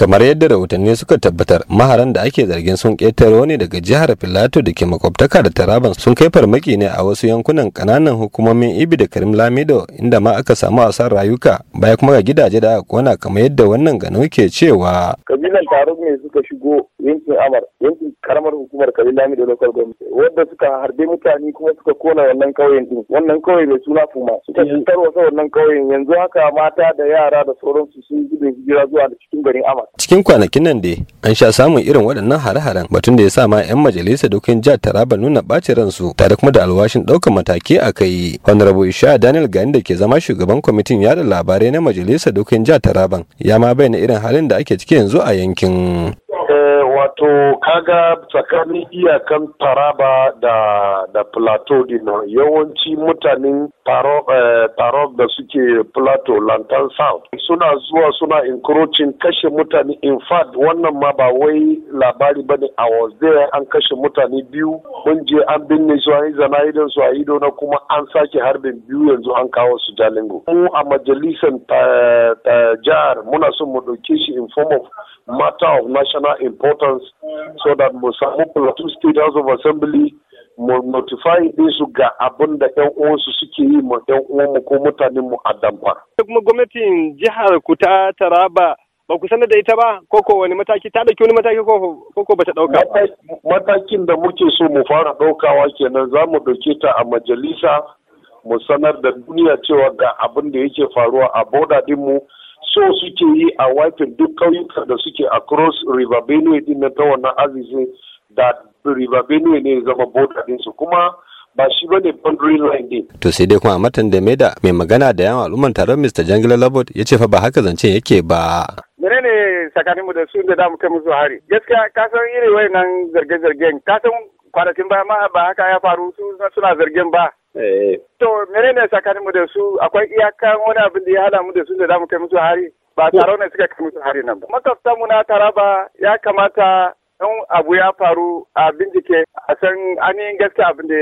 kamar yadda rahotanni suka tabbatar maharan da ake zargin sun ƙetare ne daga jihar filato da ke makwabtaka da taraban sun kai farmaki ne a wasu yankunan kananan hukumomin ibi da karim lamido inda ma aka samu asar rayuka baya kuma ga gidaje da aka kona kamar yadda wannan gano ke cewa kabilan ne suka shi shigo yankin amar yankin karamar hukumar kabila mai da local government wadda suka harbe mutane kuma suka kona wannan kauyen din wannan kauye mai suna fuma suka cutar wasa wannan kauyen yanzu haka mata da yara da sauransu sun gudu hijira zuwa da cikin garin amar cikin kwanakin nan dai an sha samun irin waɗannan hare-haren batun da ya sa ma 'yan majalisa dokin jihar taraba nuna ɓacin ransu tare kuma da alwashin ɗaukar mataki a kai honorable isha daniel gani da ke zama shugaban kwamitin yada labarai na majalisa dokin jihar taraban ya ma bayyana irin halin da ake ciki yanzu a yankin Wato kaga tsakanin iyakan Taraba da da Plateau din yawanci mutanen taro eh, da suke Plateau Lantan South suna zuwa suna encroaching kashe mutane in fact wannan ma ba wai labari bane a was there an kashe mutane biyu mun je an binne su an zana idan su a ido na kuma an sake harbin biyu yanzu an kawo su Jalingo. Mu a majalisar eh, eh, jihar muna son mu ɗauke shi in form of matter of national importance elections so that mu samu plateau state house of assembly mu notify su ga abin da yan uwansu suke yi ma yan uwanmu ko mutanen mu a damfa. kuma gwamnatin jihar ku ta taraba ba ku sanar da ita ba ko ko wani mataki ta dauki wani mataki ko ko bata dauka ba matakin da muke so mu fara daukawa kenan za mu dauke ta a majalisa mu sanar da duniya cewa ga abin da yake faruwa a boda dinmu so suke yi a wafin duk kauyukan da suke a cross river benue din na ta wannan azizin da river benue ne zama border su kuma ba shi ba ne boundary line din. To sai dai kuma Matan da maida mai magana da yawan al'ummar taron Mr. Jangila Labot ya ce fa ba haka zance yake ba. Menene tsakanin mu da su da damu kai musu hari? Gaskiya ka san irin wayannan zarge-zargen ka san kwanakin baya ma ba haka ya faru su suna zargen ba Eh. To ne tsakanin mu da su akwai iyakan wani abin da ya hada mu da su da za mu kai musu hari ba taron ne suka kai musu hari nan ba. Makafta mu na Taraba ya kamata in abu ya faru a bincike a san ainihin gaske abin da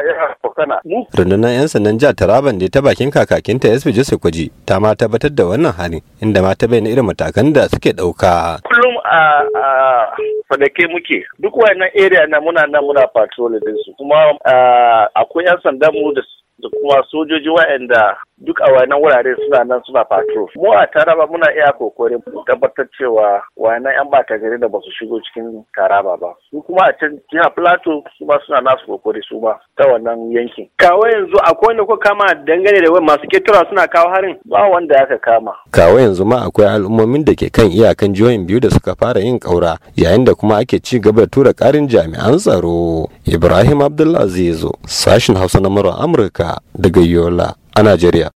ya sana. Rundunar 'yan sandan jihar taraba da ta bakin kakakinta SP Joseph Kwaji ta ma tabbatar da wannan harin inda ma ta bayyana irin matakan da suke ɗauka. Kullum a fadake muke duk wayannan area na muna nan muna patrol su kuma ah, akwai yan sandan mu da kuma sojoji wayanda duk a wayannan wurare suna nan suna patrol mu a taraba muna iya kokarin tabbatar cewa wayannan yan bata gari da basu shigo cikin taraba ba su kuma a can jiha plateau su ba suna nasu kokari su ba. ta wannan yankin kawai yanzu akwai wanda ko kama dangane da masu ketura suna kawo harin ba wanda aka kama kawai yanzu ma akwai al'ummomin da ke kan iyakan jihohin biyu da suka fara yin kaura yayin da kuma ake ci gaba da tura karin jami'an tsaro ibrahim Abdullahi Zia-zo, sashin hausa na amurka daga yola a Najeriya.